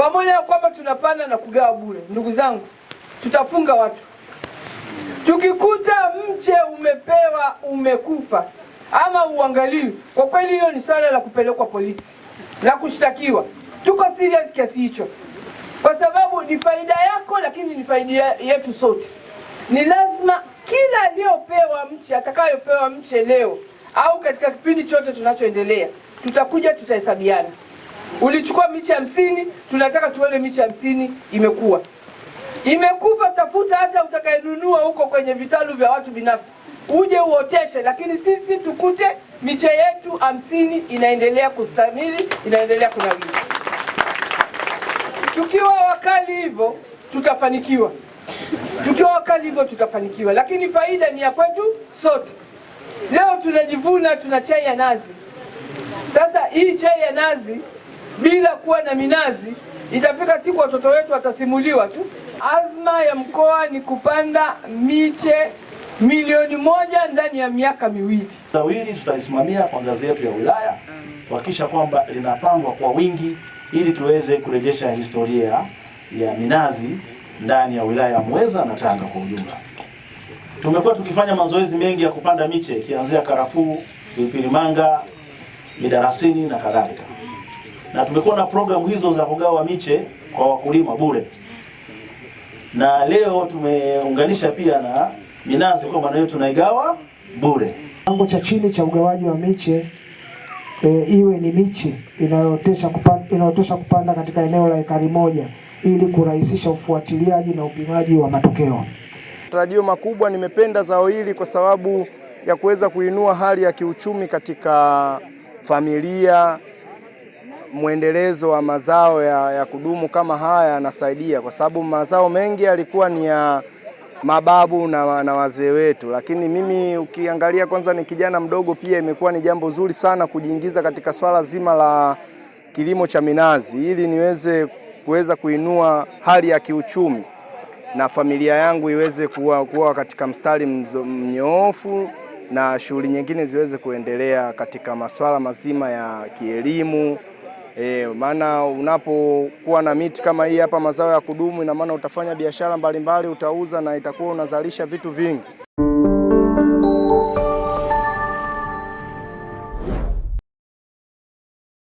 Pamoja na kwamba tunapanda na kugawa bure, ndugu zangu, tutafunga watu. Tukikuta mche umepewa umekufa ama uangaliwi, kwa kweli hiyo ni swala la kupelekwa polisi na kushtakiwa. Tuko serious kiasi hicho, kwa sababu ni faida yako, lakini ni faida yetu sote. Ni lazima kila aliyopewa mche, atakayopewa mche leo au katika kipindi chote tunachoendelea, tutakuja tutahesabiana. Ulichukua miche hamsini, tunataka tuone miche hamsini imekuwa imekufa. Tafuta hata utakayenunua huko kwenye vitalu vya watu binafsi, uje uoteshe, lakini sisi tukute miche yetu hamsini inaendelea kustamili, inaendelea kunawiri. Tukiwa wakali hivyo tutafanikiwa, tukiwa wakali hivyo tutafanikiwa, lakini faida ni ya kwetu sote. Leo tunajivuna, tuna chai ya nazi. Sasa hii chai ya nazi bila kuwa na minazi, itafika siku watoto wetu watasimuliwa tu. Azma ya mkoa ni kupanda miche milioni moja ndani ya miaka miwili. Tawili tutaisimamia kwa ngazi yetu ya wilaya kuhakikisha kwamba linapangwa kwa wingi ili tuweze kurejesha historia ya minazi ndani ya wilaya ya Muheza na Tanga kwa ujumla. Tumekuwa tukifanya mazoezi mengi ya kupanda miche ikianzia karafuu, pilipili manga, midarasini na kadhalika na tumekuwa na programu hizo za kugawa miche kwa wakulima bure, na leo tumeunganisha pia na minazi maana nayo tunaigawa bure. Kiwango cha chini cha ugawaji wa miche e, iwe ni miche inayotosha kupanda, inayotosha kupanda katika eneo la ekari moja ili kurahisisha ufuatiliaji na upimaji wa matokeo. Matarajio makubwa, nimependa zao hili kwa sababu ya kuweza kuinua hali ya kiuchumi katika familia mwendelezo wa mazao ya, ya kudumu kama haya yanasaidia, kwa sababu mazao mengi yalikuwa ni ya mababu na, na wazee wetu, lakini mimi ukiangalia kwanza ni kijana mdogo, pia imekuwa ni jambo zuri sana kujiingiza katika swala zima la kilimo cha minazi ili niweze kuweza kuinua hali ya kiuchumi na familia yangu iweze kuwa, kuwa katika mstari mnyoofu na shughuli nyingine ziweze kuendelea katika masuala mazima ya kielimu. E, maana unapokuwa na miti kama hii hapa, mazao ya kudumu, ina maana utafanya biashara mbalimbali, utauza na itakuwa unazalisha vitu vingi.